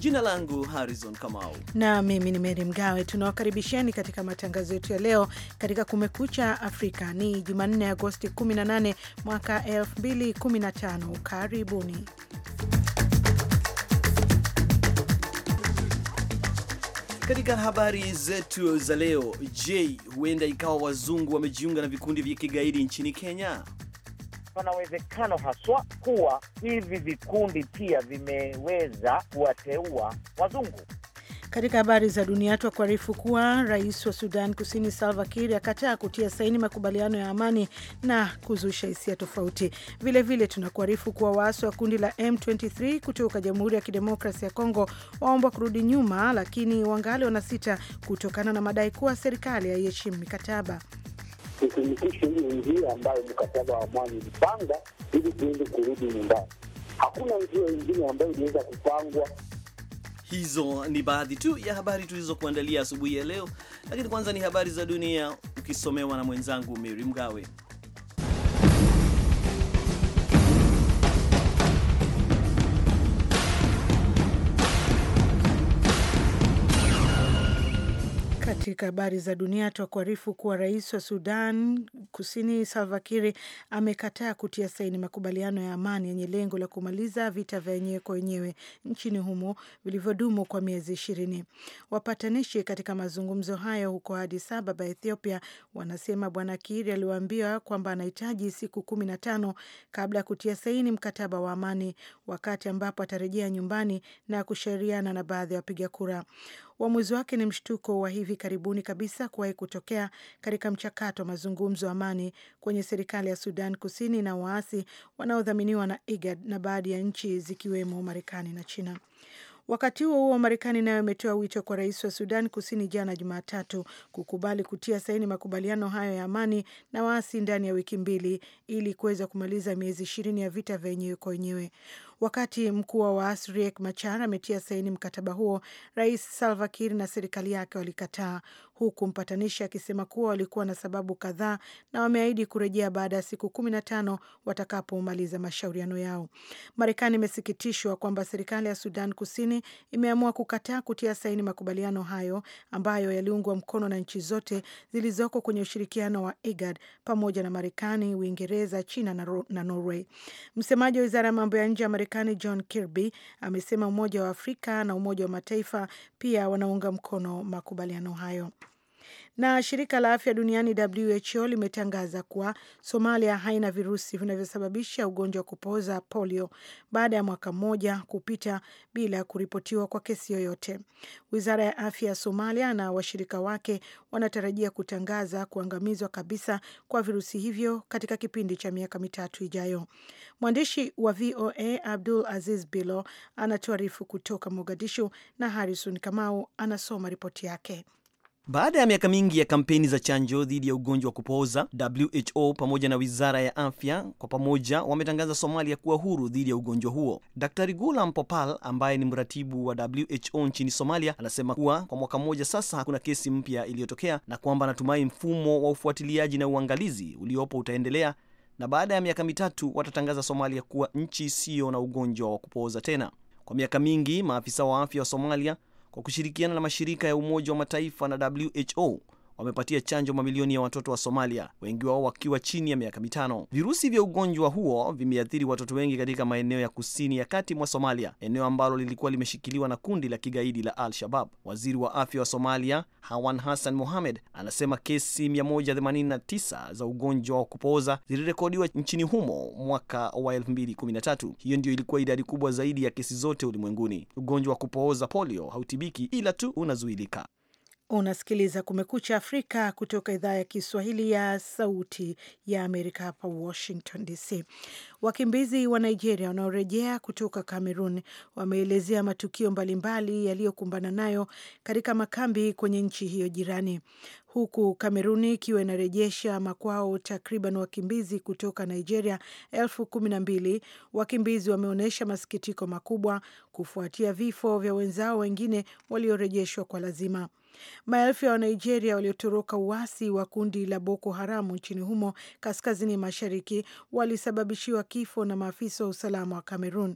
Jina langu Harrison Kamau na mimi ni Meri Mgawe. Tunawakaribisheni katika matangazo yetu ya leo katika Kumekucha Afrika. Ni Jumanne, Agosti 18 mwaka 2015. Karibuni. Katika habari zetu za leo, je, huenda ikawa wazungu wamejiunga na vikundi vya kigaidi nchini Kenya? pana uwezekano haswa kuwa hivi vikundi pia vimeweza kuwateua wazungu. Katika habari za dunia twakuarifu kuwa rais wa Sudan Kusini Salva Kiir akataa kutia saini makubaliano ya amani na kuzusha hisia tofauti. Vilevile tunakuarifu kuwa waasi wa kundi la M23 kutoka Jamhuri ya kidemokrasi ya Kongo waombwa kurudi nyuma, lakini wangali wanasita kutokana na madai kuwa serikali haiheshimu mikataba tutumikishe hiyo njia ambayo mkataba wa amani ulipanga ili tuweze kurudi nyumbani. Hakuna njia nyingine ambayo iliweza kupangwa. Hizo ni baadhi tu ya habari tulizokuandalia asubuhi ya leo, lakini kwanza ni habari za dunia ukisomewa na mwenzangu Mary Mgawe. Katika habari za dunia twakuarifu kuwa rais wa Sudan Kusini Salva Kiir amekataa kutia saini makubaliano ya amani yenye lengo la kumaliza vita vya wenyewe kwa wenyewe nchini humo vilivyodumu kwa miezi ishirini. Wapatanishi katika mazungumzo hayo huko Addis Ababa, Ethiopia, wanasema Bwana Kiir aliwaambia kwamba anahitaji siku kumi na tano kabla ya kutia saini mkataba wa amani, wakati ambapo atarejea nyumbani na kushauriana na baadhi ya wapiga kura. Uamuzi wake ni mshtuko wa hivi karibuni kabisa kuwahi kutokea katika mchakato wa mazungumzo ya amani kwenye serikali ya Sudan Kusini na waasi wanaodhaminiwa na IGAD na baadhi ya nchi zikiwemo Marekani na China. Wakati huo huo, Marekani nayo imetoa wito kwa rais wa Sudan Kusini jana Jumatatu kukubali kutia saini makubaliano hayo ya amani na waasi ndani ya wiki mbili ili kuweza kumaliza miezi ishirini ya vita vya wenyewe kwa wenyewe. Wakati mkuu wa waasi Riek Machar ametia saini mkataba huo, Rais Salva Kiir na serikali yake walikataa, huku mpatanishi akisema kuwa walikuwa na sababu kadhaa na wameahidi kurejea baada ya siku kumi na tano watakapomaliza mashauriano yao. Marekani imesikitishwa kwamba serikali ya Sudan Kusini imeamua kukataa kutia saini makubaliano hayo ambayo yaliungwa mkono na nchi zote zilizoko kwenye ushirikiano wa IGAD pamoja na Marekani, Uingereza, China na Norway. Msemaji wa wizara ya mambo ya nje ya Marekani Marekani John Kirby amesema Umoja wa Afrika na Umoja wa Mataifa pia wanaunga mkono makubaliano hayo. Na shirika la afya duniani WHO limetangaza kuwa Somalia haina virusi vinavyosababisha ugonjwa wa kupooza polio baada ya mwaka mmoja kupita bila kuripotiwa kwa kesi yoyote. Wizara ya afya ya Somalia na washirika wake wanatarajia kutangaza kuangamizwa kabisa kwa virusi hivyo katika kipindi cha miaka mitatu ijayo. Mwandishi wa VOA Abdul Aziz Bilo anatuarifu kutoka Mogadishu na Harrison Kamau anasoma ripoti yake. Baada ya miaka mingi ya kampeni za chanjo dhidi ya ugonjwa wa kupooza, WHO pamoja na wizara ya afya kwa pamoja wametangaza Somalia kuwa huru dhidi ya ugonjwa huo. Daktari Gulam Popal ambaye ni mratibu wa WHO nchini Somalia anasema kuwa kwa mwaka mmoja sasa hakuna kesi mpya iliyotokea na kwamba anatumai mfumo wa ufuatiliaji na uangalizi uliopo utaendelea na baada ya miaka mitatu watatangaza Somalia kuwa nchi isiyo na ugonjwa wa kupooza tena. Kwa miaka mingi maafisa wa afya wa Somalia kwa kushirikiana na mashirika ya Umoja wa Mataifa na WHO wamepatia chanjo mamilioni ya watoto wa Somalia, wengi wao wakiwa chini ya miaka mitano. Virusi vya ugonjwa huo vimeathiri watoto wengi katika maeneo ya kusini ya kati mwa Somalia, eneo ambalo lilikuwa limeshikiliwa na kundi la kigaidi la Al-Shabab. Waziri wa afya wa Somalia Hawan Hassan Mohamed anasema kesi 189 za ugonjwa wa kupooza zilirekodiwa nchini humo mwaka wa 2013. Hiyo ndio ilikuwa idadi kubwa zaidi ya kesi zote ulimwenguni. Ugonjwa wa kupooza polio hautibiki, ila tu unazuilika. Unasikiliza Kumekucha Afrika kutoka idhaa ya Kiswahili ya Sauti ya Amerika, hapa Washington DC. Wakimbizi wa Nigeria wanaorejea kutoka Cameroon wameelezea matukio mbalimbali yaliyokumbana nayo katika makambi kwenye nchi hiyo jirani, huku cameron ikiwa inarejesha makwao takriban wakimbizi kutoka Nigeria elfu kumi na mbili. Wakimbizi wameonyesha masikitiko makubwa kufuatia vifo vya wenzao wengine waliorejeshwa kwa lazima. Maelfu ya Wanigeria waliotoroka uasi wa kundi la Boko Haramu nchini humo kaskazini mashariki walisababishiwa kifo na maafisa wa usalama wa Kamerun.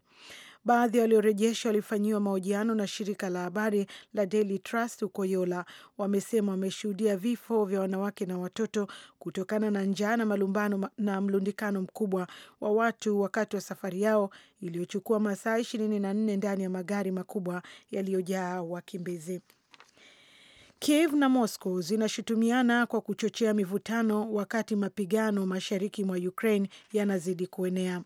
Baadhi ya waliorejeshwa walifanyiwa mahojiano na shirika la habari la Daily Trust huko Yola. Wamesema wameshuhudia vifo vya wanawake na watoto kutokana na njaa na malumbano na mlundikano mkubwa wa watu wakati wa safari yao iliyochukua masaa ishirini na nne ndani ya magari makubwa yaliyojaa wakimbizi. Kiev na Moscow zinashutumiana kwa kuchochea mivutano wakati mapigano mashariki mwa Ukraine yanazidi kuenea.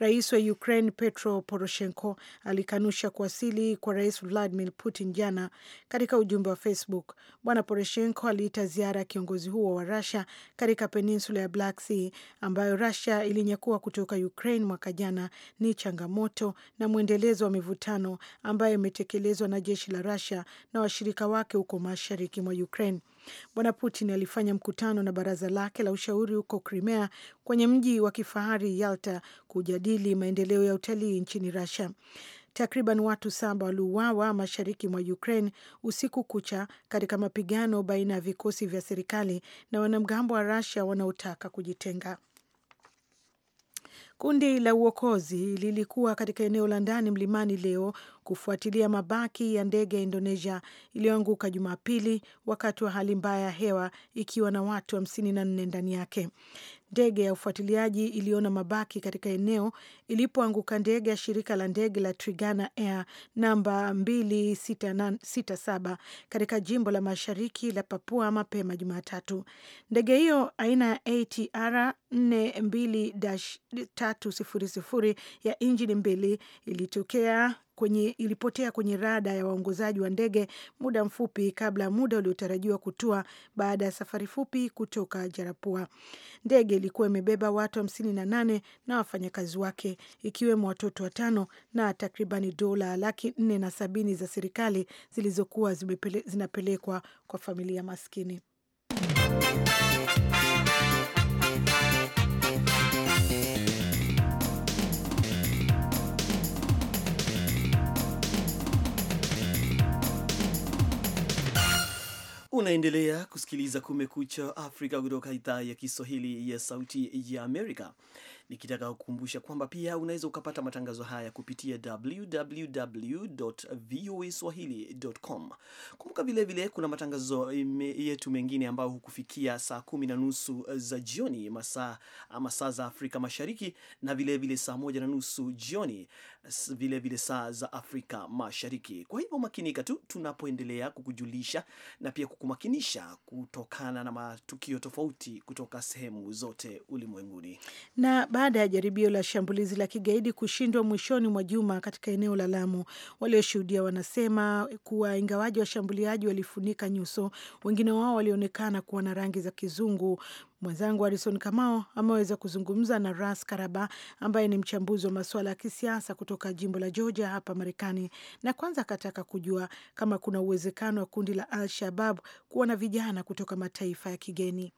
Rais wa Ukraine Petro Poroshenko alikanusha kuwasili kwa Rais Vladimir Putin jana. Katika ujumbe wa Facebook, Bwana Poroshenko aliita ziara ya kiongozi huo wa rasia katika peninsula ya Black Sea ambayo rasia ilinyakua kutoka Ukraine mwaka jana ni changamoto na mwendelezo wa mivutano ambayo imetekelezwa na jeshi la rasia na washirika wake huko mashariki mwa Ukraine. Bwana Putin alifanya mkutano na baraza lake la ushauri huko Crimea kwenye mji wa kifahari Yalta kujadili maendeleo ya utalii nchini Russia. Takriban watu saba waliuawa mashariki mwa Ukraine usiku kucha katika mapigano baina ya vikosi vya serikali na wanamgambo wa Russia wanaotaka kujitenga. Kundi la uokozi lilikuwa katika eneo la ndani mlimani leo kufuatilia mabaki ya ndege ya Indonesia iliyoanguka Jumapili wakati wa hali mbaya ya hewa ikiwa na watu hamsini na nne ndani yake ndege ya ufuatiliaji iliona mabaki katika eneo ilipoanguka ndege ya shirika la ndege la Trigana Air namba 2667 katika jimbo la mashariki la Papua mapema Jumatatu. Ndege hiyo aina ya ATR 42-300 ya injini mbili ilitokea kwenye, ilipotea kwenye rada ya waongozaji wa ndege muda mfupi kabla ya muda uliotarajiwa kutua baada ya safari fupi kutoka Jarapua. Ndege ilikuwa imebeba watu hamsini na nane na wafanyakazi wake ikiwemo watoto watano na takribani dola laki nne na sabini za serikali zilizokuwa zinapelekwa kwa familia maskini. Unaendelea kusikiliza Kumekucha Afrika kutoka idhaa ya Kiswahili ya Sauti ya Amerika, nikitaka kukumbusha kwamba pia unaweza ukapata matangazo haya kupitia www voa swahili.com. Kumbuka vilevile kuna matangazo yetu mengine ambayo hukufikia saa kumi na nusu eh, za jioni masaa ama saa za Afrika Mashariki, na vilevile saa moja na nusu jioni vilevile vile saa za Afrika Mashariki. Kwa hivyo makinika tu tunapoendelea kukujulisha na pia kukumakinisha kutokana na matukio tofauti kutoka sehemu zote ulimwenguni. Na baada ya jaribio la shambulizi la kigaidi kushindwa mwishoni mwa juma katika eneo la Lamu, walioshuhudia wanasema kuwa ingawaji washambuliaji walifunika nyuso, wengine wao walionekana kuwa na rangi za kizungu Mwenzangu Harison Kamao ameweza kuzungumza na Ras Karaba ambaye ni mchambuzi wa masuala ya kisiasa kutoka jimbo la Georgia hapa Marekani, na kwanza akataka kujua kama kuna uwezekano wa kundi la Al Shabab kuwa na vijana kutoka mataifa ya kigeni.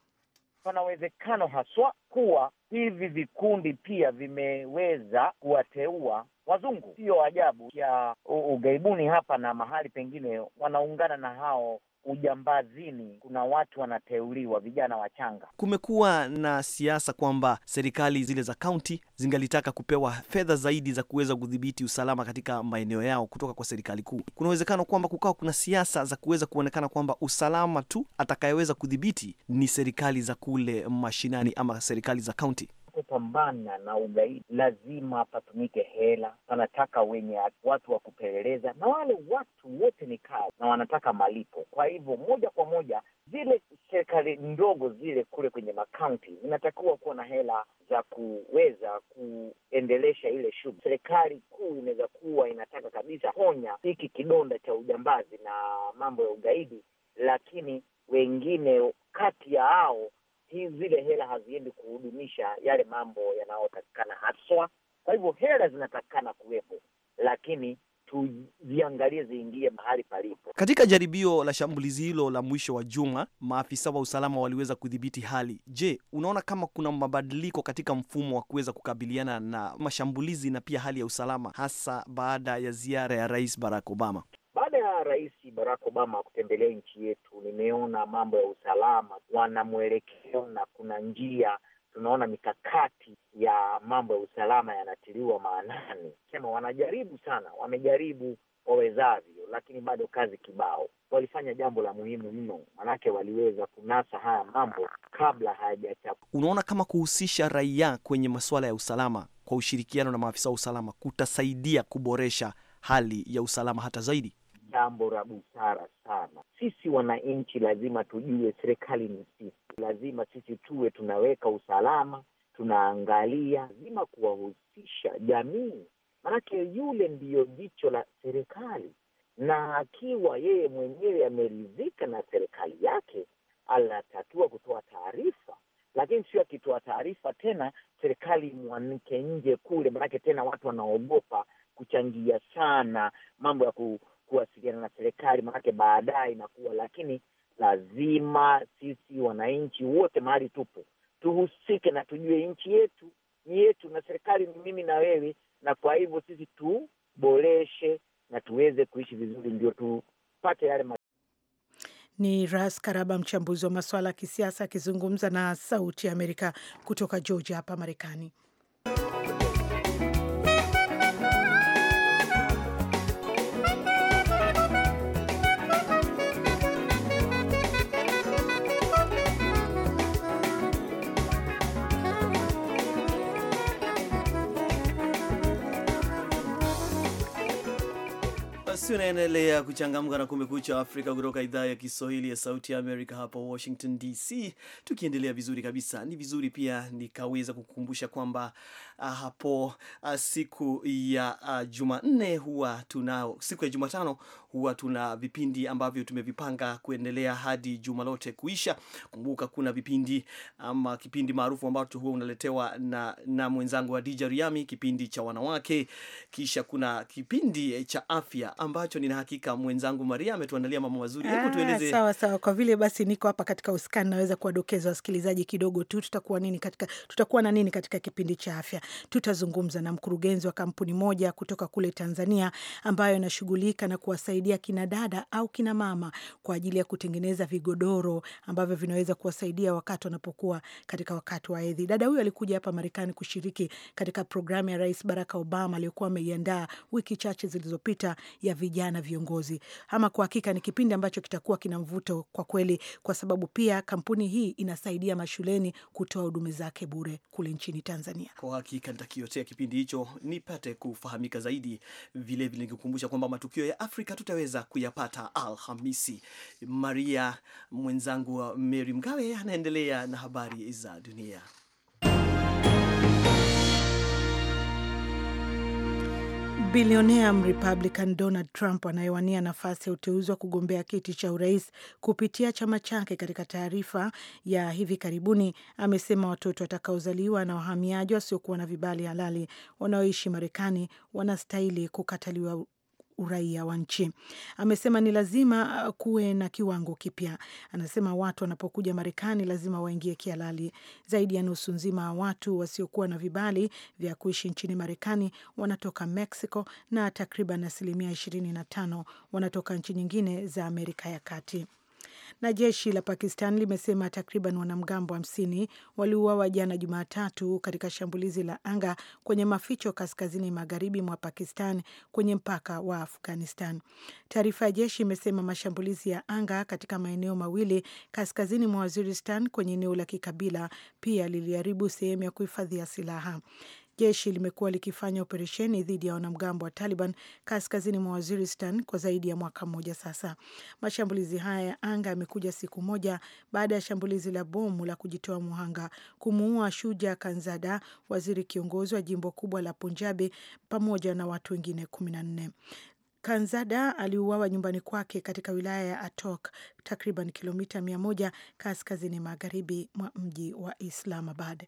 Pana uwezekano haswa kuwa hivi vikundi pia vimeweza kuwateua wazungu. Siyo ajabu ya ugaibuni hapa na mahali pengine wanaungana na hao ujambazini, kuna watu wanateuliwa vijana wachanga. Kumekuwa na siasa kwamba serikali zile za kaunti zingalitaka kupewa fedha zaidi za kuweza kudhibiti usalama katika maeneo yao kutoka kwa serikali kuu. Kuna uwezekano kwamba kukawa kuna siasa za kuweza kuonekana kwamba usalama tu atakayeweza kudhibiti ni serikali za kule mashinani ama serikali za kaunti kupambana na ugaidi lazima patumike hela, panataka wenye watu wa kupeleleza, na wale watu wote ni kazi na wanataka malipo. Kwa hivyo moja kwa moja zile serikali ndogo zile kule kwenye makaunti zinatakiwa kuwa na hela za kuweza kuendelesha ile shughuli. Serikali kuu inaweza kuwa inataka kabisa ponya hiki kidonda cha ujambazi na mambo ya ugaidi, lakini wengine kati ya hao hizi zile hela haziendi kuhudumisha yale mambo yanayotakikana haswa. Kwa hivyo hela zinatakikana kuwepo, lakini tuziangalie ziingie mahali palipo. Katika jaribio la shambulizi hilo la mwisho wa juma, maafisa wa usalama waliweza kudhibiti hali. Je, unaona kama kuna mabadiliko katika mfumo wa kuweza kukabiliana na mashambulizi na pia hali ya usalama, hasa baada ya ziara ya Rais Barack Obama? Rais Barack Obama kutembelea nchi yetu, nimeona mambo ya usalama wana mwelekeo na kuna njia tunaona mikakati ya mambo ya usalama yanatiliwa maanani. Sema wanajaribu sana, wamejaribu wawezavyo, lakini bado kazi kibao. Walifanya jambo la muhimu mno, manake waliweza kunasa haya mambo kabla hayajachapuka. Unaona, kama kuhusisha raia kwenye masuala ya usalama kwa ushirikiano na maafisa wa usalama kutasaidia kuboresha hali ya usalama hata zaidi jambo la busara sana. Sisi wananchi lazima tujue serikali ni sisi, lazima sisi tuwe tunaweka usalama, tunaangalia, lazima kuwahusisha jamii, maanake yule ndiyo jicho la serikali, na akiwa yeye mwenyewe ameridhika na serikali yake, anatakiwa kutoa taarifa lakini sio akitoa taarifa tena serikali imwanike nje kule, manake tena watu wanaogopa kuchangia sana mambo ya ku, kuwasiliana na serikali, maanake baadaye inakuwa. Lakini lazima sisi wananchi wote mahali tupo tuhusike na tujue nchi yetu ni yetu, na serikali ni mimi na wewe, na kwa hivyo sisi tuboreshe na tuweze kuishi vizuri, ndio tupate yale ni Ras Karaba, mchambuzi wa masuala ya kisiasa akizungumza na Sauti ya Amerika kutoka Georgia hapa Marekani. Basi unaendelea kuchangamka na Kumekucha Afrika kutoka idhaa ya Kiswahili ya Sauti ya Amerika hapa Washington DC, tukiendelea vizuri kabisa. Ni vizuri pia nikaweza kukumbusha kwamba ah, hapo ah, siku ya ah, Jumanne huwa tunao, siku ya Jumatano huwa tuna vipindi ambavyo tumevipanga kuendelea hadi juma lote kuisha. Kumbuka kuna vipindi ama kipindi maarufu ambacho huwa unaletewa na, na mwenzangu DJ Riami, kipindi cha wanawake, kisha kuna kipindi eh, cha afya ambacho nina hakika mwenzangu Maria ametuandalia mambo mazuri. Hebu ah, tueleze. Sawa sawa, kwa vile basi niko hapa katika uskani, naweza kuwadokeza wasikilizaji kidogo tu tutakuwa nini katika, tutakuwa na nini katika kipindi cha afya. Tutazungumza na mkurugenzi wa kampuni moja kutoka kule Tanzania ambayo inashughulika na kuwasaidia kina dada au kina mama kwa ajili ya kutengeneza vigodoro ambavyo vinaweza kuwasaidia wakati wanapokuwa katika wakati wa hedhi. Dada huyo alikuja hapa Marekani kushiriki katika programu ya Rais Barack Obama aliyokuwa ameiandaa wiki chache zilizopita ya ya vijana viongozi. Ama kwa hakika ni kipindi ambacho kitakuwa kina mvuto kwa kweli, kwa sababu pia kampuni hii inasaidia mashuleni kutoa huduma zake bure kule nchini Tanzania. Kwa hakika nitakiotea kipindi hicho nipate kufahamika zaidi. Vilevile nikukumbusha kwamba matukio ya Afrika tutaweza kuyapata Alhamisi. Maria mwenzangu wa Mary Mgawe anaendelea na habari za dunia. Bilionea Mrepublican Donald Trump anayewania nafasi ya uteuzi wa kugombea kiti cha urais kupitia chama chake, katika taarifa ya hivi karibuni amesema watoto watakaozaliwa na wahamiaji wasiokuwa na vibali halali wanaoishi Marekani wanastahili kukataliwa uraia wa nchi. Amesema ni lazima uh, kuwe na kiwango kipya. Anasema watu wanapokuja Marekani lazima waingie kihalali. Zaidi ya nusu nzima wa watu wasiokuwa na vibali vya kuishi nchini Marekani wanatoka Mexico na takriban asilimia tano wanatoka nchi nyingine za Amerika ya Kati. Na jeshi la Pakistan limesema takriban wanamgambo hamsini waliuawa jana Jumatatu katika shambulizi la anga kwenye maficho kaskazini magharibi mwa Pakistan kwenye mpaka wa Afghanistan. Taarifa ya jeshi imesema mashambulizi ya anga katika maeneo mawili kaskazini mwa Waziristan kwenye eneo la kikabila pia liliharibu sehemu ya kuhifadhia silaha. Jeshi limekuwa likifanya operesheni dhidi ya wanamgambo wa Taliban kaskazini mwa Waziristan kwa zaidi ya mwaka mmoja sasa. Mashambulizi haya ya anga yamekuja siku moja baada ya shambulizi la bomu la kujitoa muhanga kumuua Shuja Kanzada, waziri kiongozi wa jimbo kubwa la Punjabi, pamoja na watu wengine kumi na nne. Kanzada aliuawa nyumbani kwake katika wilaya ya Atok, takriban kilomita mia moja kaskazini magharibi mwa mji wa Islamabad.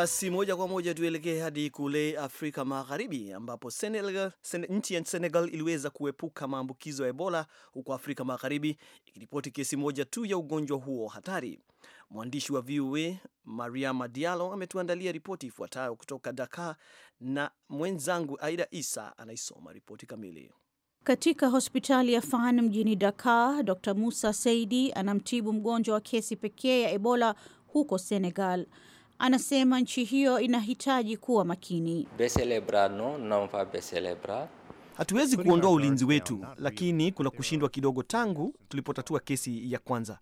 Basi moja kwa moja tuelekee hadi kule Afrika Magharibi, ambapo Senegal, sen, nchi ya Senegal iliweza kuepuka maambukizo ya Ebola huko Afrika Magharibi ikiripoti kesi moja tu ya ugonjwa huo hatari. Mwandishi wa VOA Mariama Diallo ametuandalia ripoti ifuatayo kutoka Dakar na mwenzangu Aida Isa anaisoma ripoti kamili. Katika hospitali ya Fan mjini Dakar, Dr Musa Seidi anamtibu mgonjwa wa kesi pekee ya Ebola huko Senegal anasema nchi hiyo inahitaji kuwa makini. Hatuwezi kuondoa ulinzi wetu, lakini kuna kushindwa kidogo tangu tulipotatua kesi ya kwanza.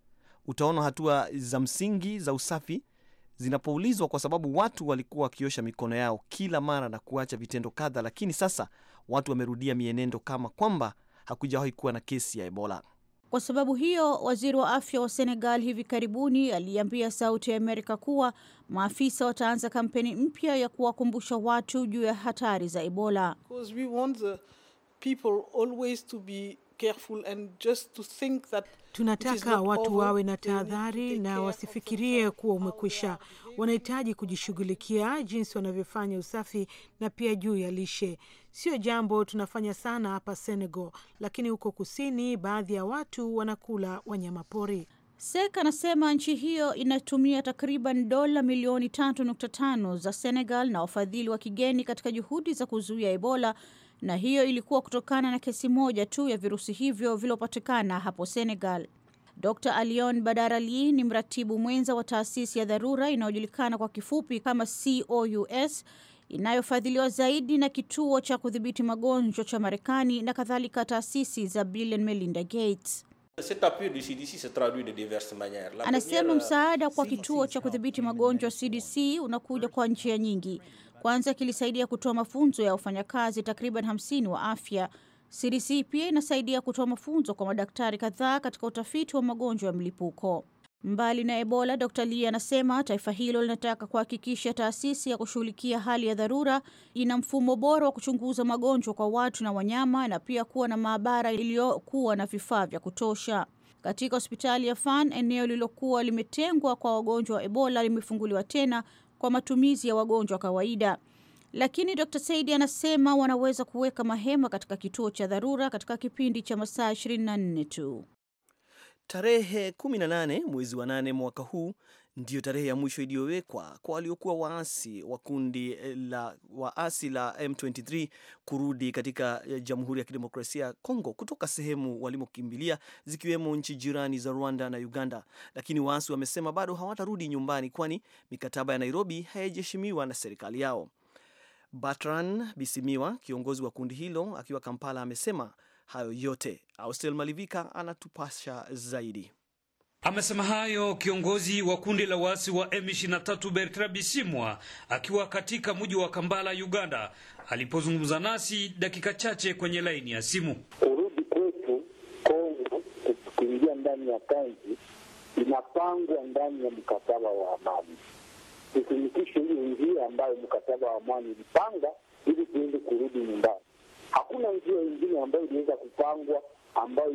Utaona hatua za msingi za usafi zinapoulizwa, kwa sababu watu walikuwa wakiosha mikono yao kila mara na kuacha vitendo kadha, lakini sasa watu wamerudia mienendo kama kwamba hakujawahi kuwa na kesi ya Ebola. Kwa sababu hiyo, waziri wa afya wa Senegal hivi karibuni aliambia Sauti ya Amerika kuwa maafisa wataanza kampeni mpya ya kuwakumbusha watu juu ya hatari za Ebola careful and just to think that tunataka watu wawe na tahadhari na wasifikirie kuwa umekwisha. Wanahitaji kujishughulikia jinsi wanavyofanya usafi na pia juu ya lishe. Sio jambo tunafanya sana hapa Senegal, lakini huko kusini baadhi ya watu wanakula wanyama pori Sek anasema nchi hiyo inatumia takriban dola milioni 3.5 za Senegal na wafadhili wa kigeni katika juhudi za kuzuia Ebola na hiyo ilikuwa kutokana na kesi moja tu ya virusi hivyo viliopatikana hapo Senegal. Dr Alion Badarali ni mratibu mwenza wa taasisi ya dharura inayojulikana kwa kifupi kama COUS inayofadhiliwa zaidi na kituo cha kudhibiti magonjwa cha Marekani na kadhalika taasisi za Bill and Melinda Gates. Anasema msaada euh, kwa kituo cha kudhibiti magonjwa CDC unakuja kwa njia nyingi. Kwanza kilisaidia kutoa mafunzo ya wafanyakazi takriban hamsini wa afya. CDC pia inasaidia kutoa mafunzo kwa madaktari kadhaa katika utafiti wa magonjwa ya mlipuko. Mbali na Ebola, Dr. Lee anasema taifa hilo linataka kuhakikisha taasisi ya kushughulikia hali ya dharura ina mfumo bora wa kuchunguza magonjwa kwa watu na wanyama na pia kuwa na maabara iliyokuwa na vifaa vya kutosha. Katika hospitali ya Fan, eneo lililokuwa limetengwa kwa wagonjwa wa Ebola limefunguliwa tena kwa matumizi ya wagonjwa kawaida. Lakini Dr. Saidi anasema wanaweza kuweka mahema katika kituo cha dharura katika kipindi cha masaa 24 tu. Tarehe 18 mwezi wa 8 mwaka huu ndiyo tarehe ya mwisho iliyowekwa kwa waliokuwa waasi wa kundi eh, la waasi la M23 kurudi katika eh, Jamhuri ya Kidemokrasia ya Kongo kutoka sehemu walimokimbilia zikiwemo nchi jirani za Rwanda na Uganda, lakini waasi wamesema bado hawatarudi nyumbani, kwani mikataba ya Nairobi haijaheshimiwa na serikali yao. batran Bisimiwa, kiongozi wa kundi hilo akiwa Kampala, amesema hayo yote. Austel Malivika anatupasha zaidi. Amesema hayo kiongozi wa kundi la waasi wa M23 Bertrand Bisimwa akiwa katika mji wa Kampala, Uganda, alipozungumza nasi dakika chache kwenye laini ya simu. Kurudi kwetu Kongo, kuingia ndani ya kanzi inapangwa ndani ya mkataba wa amani. Tutumikishe hiyo njia ambayo mkataba wa amani ulipanga ili tuende kurudi nyumbani. Hakuna njia nyingine ambayo iliweza kupangwa ambayo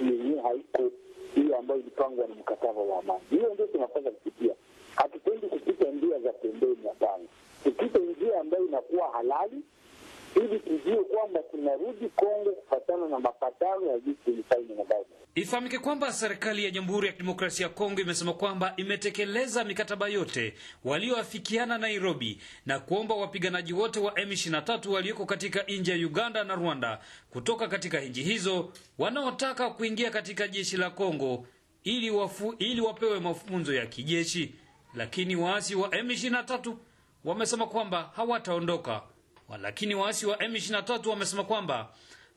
yenyewe haiko hiyo ambayo ilipangwa na mkataba wa amani. Hiyo ndio tunapaswa kupitia. Hatupendi kupita njia za pembeni, hapana. Tupite njia ambayo inakuwa halali ili tujue kwamba tunarudi Kongo kufatana na mapatano ya jinsi vilisaini na Gao. Ifahamike kwamba serikali ya Jamhuri ya Kidemokrasia ya Kongo imesema kwamba imetekeleza mikataba yote walioafikiana Nairobi na kuomba wapiganaji wote wa M23 walioko katika nchi ya Uganda na Rwanda kutoka katika nchi hizo wanaotaka kuingia katika jeshi la Kongo ili wafu, ili wapewe mafunzo ya kijeshi, lakini waasi wa M23 wamesema kwamba hawataondoka. Lakini waasi wa M23 wamesema kwamba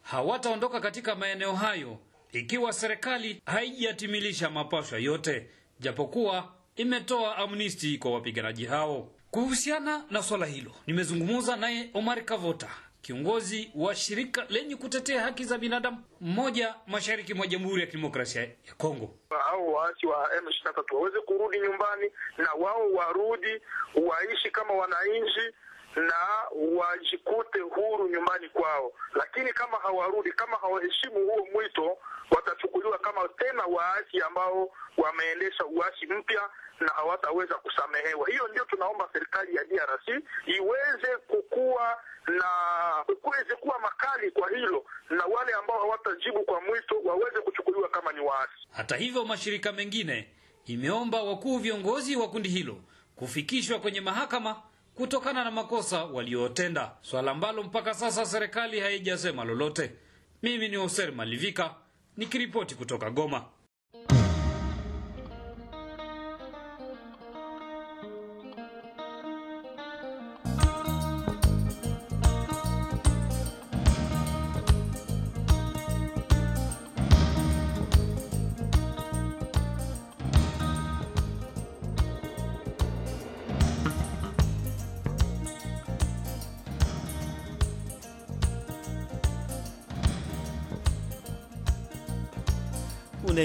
hawataondoka katika maeneo hayo ikiwa serikali haijatimilisha mapashwa yote, japokuwa imetoa amnisti kwa wapiganaji hao. Kuhusiana na swala hilo, nimezungumza naye Omar Kavota, kiongozi wa shirika lenye kutetea haki za binadamu mmoja mashariki mwa Jamhuri ya Kidemokrasia ya Kongo. Hao waasi wa M23 waweze kurudi nyumbani na wao warudi waishi kama wananchi na wajikute huru nyumbani kwao, lakini kama hawarudi, kama hawaheshimu huo mwito, watachukuliwa kama tena waasi ambao wameendesha uasi mpya na hawataweza kusamehewa. Hiyo ndio tunaomba serikali ya DRC iweze kukua na kuweze kuwa makali kwa hilo, na wale ambao hawatajibu kwa mwito waweze kuchukuliwa kama ni waasi. Hata hivyo, mashirika mengine imeomba wakuu viongozi wa kundi hilo kufikishwa kwenye mahakama kutokana na makosa waliotenda, swala ambalo mpaka sasa serikali haijasema lolote. Mimi ni Hoser Malivika nikiripoti kutoka Goma.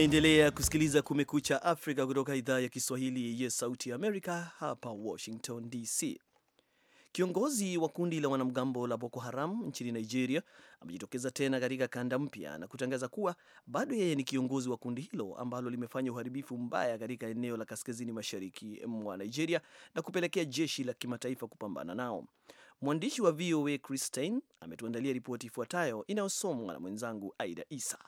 Unaendelea kusikiliza Kumekucha Afrika kutoka idhaa ya Kiswahili ya Sauti ya Amerika, hapa Washington DC. Kiongozi wa kundi la wanamgambo la Boko Haram nchini Nigeria amejitokeza tena katika kanda mpya na kutangaza kuwa bado yeye ni kiongozi wa kundi hilo ambalo limefanya uharibifu mbaya katika eneo la kaskazini mashariki mwa Nigeria na kupelekea jeshi la kimataifa kupambana nao. Mwandishi wa VOA christin ametuandalia ripoti ifuatayo inayosomwa na mwenzangu Aida Isa.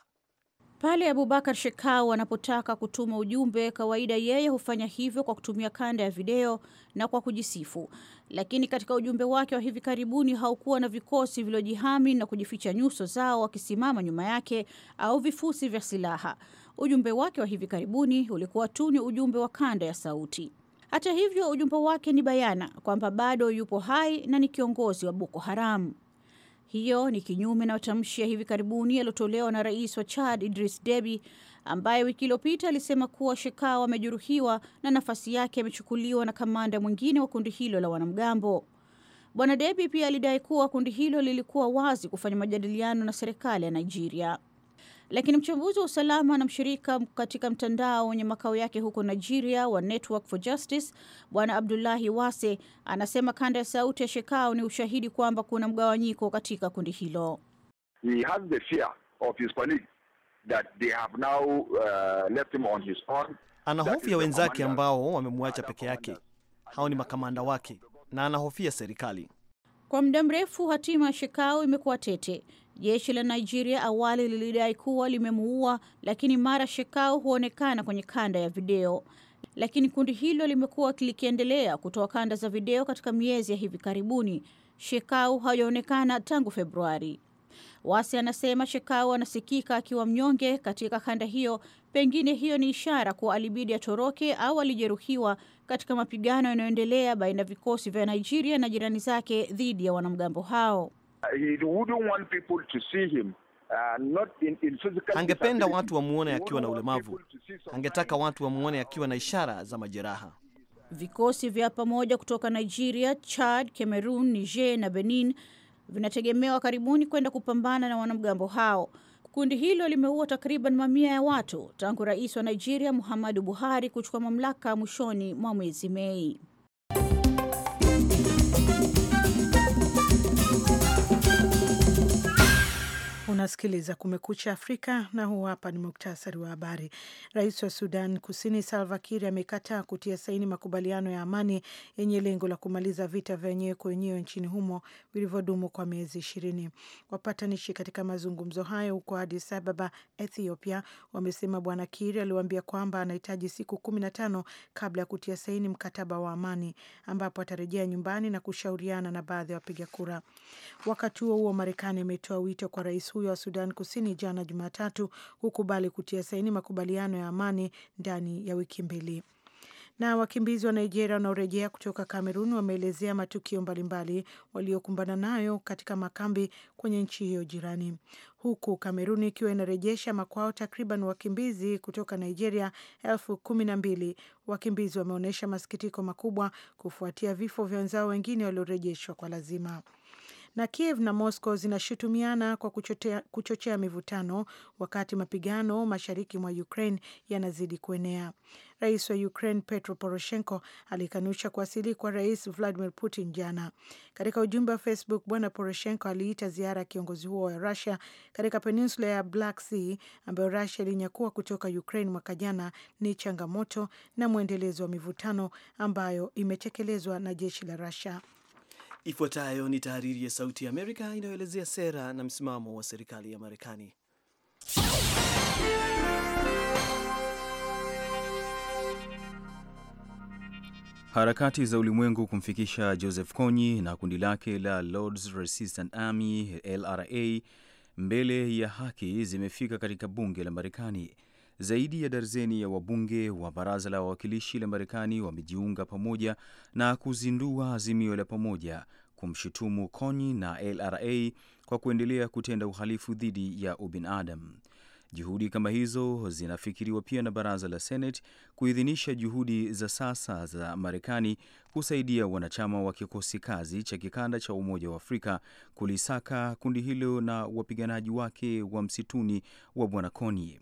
Pale Abubakar Shekau anapotaka kutuma ujumbe, kawaida yeye hufanya hivyo kwa kutumia kanda ya video na kwa kujisifu, lakini katika ujumbe wake wa hivi karibuni haukuwa na vikosi viliojihami na kujificha nyuso zao wakisimama nyuma yake au vifusi vya silaha. Ujumbe wake wa hivi karibuni ulikuwa tu ni ujumbe wa kanda ya sauti. Hata hivyo, ujumbe wake ni bayana kwamba bado yupo hai na ni kiongozi wa Boko Haram. Hiyo ni kinyume na matamshi ya hivi karibuni yaliyotolewa na rais wa Chad Idris Deby ambaye wiki iliyopita alisema kuwa Shekau amejeruhiwa na nafasi yake amechukuliwa na kamanda mwingine wa kundi hilo la wanamgambo. Bwana Deby pia alidai kuwa kundi hilo lilikuwa wazi kufanya majadiliano na serikali ya Nigeria. Lakini mchambuzi wa usalama na mshirika katika mtandao wenye makao yake huko Nigeria wa Network for Justice, Bwana Abdullahi Wase anasema kanda ya sauti ya Shekau ni ushahidi kwamba kuna mgawanyiko katika kundi hilo. He has the fear of his colleagues that they have now uh, left him on his own. Ana hofu ya wenzake ambao wamemwacha peke yake, hao ni makamanda wake, na anahofia serikali. Kwa muda mrefu hatima ya Shekau imekuwa tete. Jeshi la Nigeria awali lilidai kuwa limemuua, lakini mara Shekau huonekana kwenye kanda ya video, lakini kundi hilo limekuwa likiendelea kutoa kanda za video katika miezi ya hivi karibuni. Shekau hajaonekana tangu Februari. Wasi anasema Shekau anasikika akiwa mnyonge katika kanda hiyo. Pengine hiyo ni ishara kuwa alibidi atoroke au alijeruhiwa katika mapigano yanayoendelea baina ya vikosi vya Nigeria na jirani zake dhidi ya wanamgambo hao. Uh, he wouldn't want people to see him. Uh, not in, in physical. Angependa watu wamwone akiwa na ulemavu, angetaka watu wamwone uh, akiwa na ishara za majeraha. Vikosi vya pamoja kutoka Nigeria, Chad, Cameroon, Niger na Benin vinategemewa karibuni kwenda kupambana na wanamgambo hao. Kundi hilo limeua takriban mamia ya watu tangu rais wa Nigeria Muhammadu Buhari kuchukua mamlaka mwishoni mwa mwezi Mei. Unasikiliza Kumekucha Afrika na huu hapa ni muktasari wa habari. Rais wa Sudan Kusini Salva Kiir amekataa kutia saini makubaliano ya amani yenye lengo la kumaliza vita vya wenyewe kwa wenyewe nchini humo vilivyodumu kwa miezi ishirini. Wapatanishi katika mazungumzo hayo huko Addis Ababa, Ethiopia, wamesema Bwana Kiir aliwaambia kwamba anahitaji siku kumi na tano kabla ya kutia saini mkataba wa amani, ambapo atarejea nyumbani na kushauriana na baadhi ya wapiga kura. Wakati huo huo, Marekani imetoa wito kwa rais huyo huyo wa Sudan Kusini jana Jumatatu kukubali kutia saini makubaliano ya amani ndani ya wiki mbili. Na wakimbizi wa Nigeria wanaorejea kutoka Kamerun wameelezea matukio mbalimbali waliokumbana nayo katika makambi kwenye nchi hiyo jirani, huku Kamerun ikiwa inarejesha makwao takriban wakimbizi kutoka Nigeria elfu kumi na mbili. Wakimbizi wameonyesha masikitiko makubwa kufuatia vifo vya wenzao wengine waliorejeshwa kwa lazima na Kiev na Moscow zinashutumiana kwa kuchotea, kuchochea mivutano wakati mapigano mashariki mwa Ukraine yanazidi kuenea. Rais wa Ukraine Petro Poroshenko alikanusha kuwasili kwa Rais Vladimir Putin jana. Katika ujumbe wa Facebook, Bwana Poroshenko aliita ziara ya kiongozi huo wa Rusia katika peninsula ya Black Sea ambayo Rusia ilinyakua kutoka Ukraine mwaka jana ni changamoto na mwendelezo wa mivutano ambayo imetekelezwa na jeshi la Rusia. Ifuatayo ni tahariri ya Sauti ya Amerika inayoelezea sera na msimamo wa serikali ya Marekani. Harakati za ulimwengu kumfikisha Joseph Kony na kundi lake la Lords Resistance Army LRA mbele ya haki zimefika katika bunge la Marekani zaidi ya darzeni ya wabunge wa baraza la wawakilishi la Marekani wamejiunga pamoja na kuzindua azimio la pamoja kumshutumu Kony na LRA kwa kuendelea kutenda uhalifu dhidi ya ubinadamu. Juhudi kama hizo zinafikiriwa pia na baraza la Senate kuidhinisha juhudi za sasa za Marekani kusaidia wanachama wa kikosi kazi cha kikanda cha Umoja wa Afrika kulisaka kundi hilo na wapiganaji wake wa msituni wa Bwana Kony.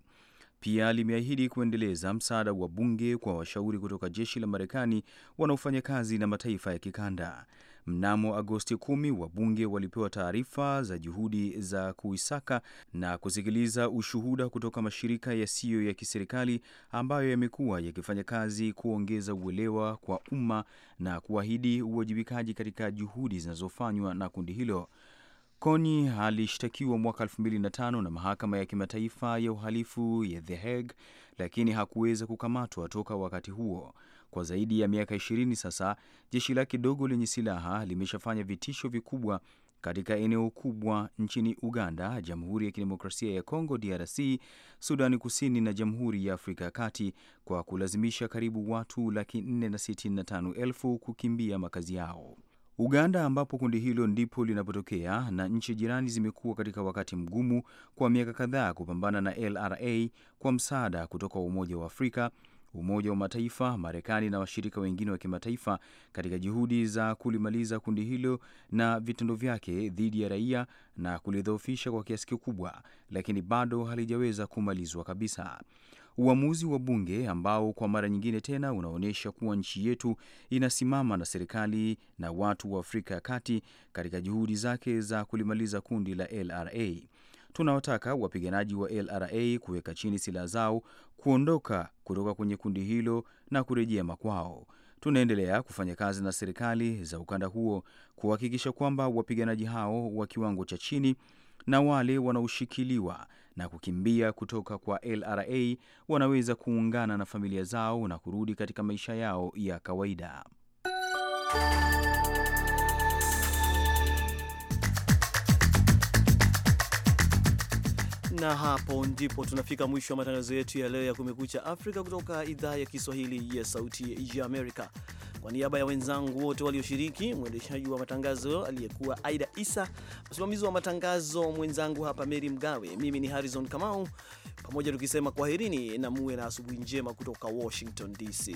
Pia limeahidi kuendeleza msaada wa bunge kwa washauri kutoka jeshi la Marekani wanaofanya kazi na mataifa ya kikanda. Mnamo Agosti 10 wabunge walipewa taarifa za juhudi za kuisaka na kusikiliza ushuhuda kutoka mashirika yasiyo ya kiserikali ambayo yamekuwa yakifanya kazi kuongeza uelewa kwa umma na kuahidi uwajibikaji katika juhudi zinazofanywa na kundi hilo. Kony alishtakiwa mwaka 2005 na mahakama ya kimataifa ya uhalifu ya The Hague, lakini hakuweza kukamatwa toka wakati huo. Kwa zaidi ya miaka 20 sasa, jeshi lake dogo lenye silaha limeshafanya vitisho vikubwa katika eneo kubwa nchini Uganda, Jamhuri ya Kidemokrasia ya Kongo DRC, Sudani Kusini na Jamhuri ya Afrika ya Kati kwa kulazimisha karibu watu laki 465 elfu kukimbia makazi yao. Uganda ambapo kundi hilo ndipo linapotokea na nchi jirani zimekuwa katika wakati mgumu kwa miaka kadhaa kupambana na LRA kwa msaada kutoka Umoja wa Afrika, Umoja wa Mataifa, Marekani na washirika wengine wa kimataifa katika juhudi za kulimaliza kundi hilo na vitendo vyake dhidi ya raia na kulidhoofisha kwa kiasi kikubwa, lakini bado halijaweza kumalizwa kabisa uamuzi wa bunge ambao kwa mara nyingine tena unaonyesha kuwa nchi yetu inasimama na serikali na watu wa Afrika ya Kati katika juhudi zake za kulimaliza kundi la LRA. Tunawataka wapiganaji wa LRA kuweka chini silaha zao, kuondoka kutoka kwenye kundi hilo na kurejea makwao. Tunaendelea kufanya kazi na serikali za ukanda huo kuhakikisha kwamba wapiganaji hao wa kiwango cha chini na wale wanaoshikiliwa na kukimbia kutoka kwa LRA wanaweza kuungana na familia zao na kurudi katika maisha yao ya kawaida. Na hapo ndipo tunafika mwisho wa matangazo yetu ya leo ya Kumekucha Afrika kutoka idhaa ya Kiswahili ya Sauti ya Amerika. Kwa niaba ya wenzangu wote walioshiriki, mwendeshaji wa matangazo aliyekuwa Aida Isa, msimamizi wa matangazo mwenzangu hapa Mary Mgawe, mimi ni Harrison Kamau, pamoja tukisema kwaherini na muwe na asubuhi njema kutoka Washington DC.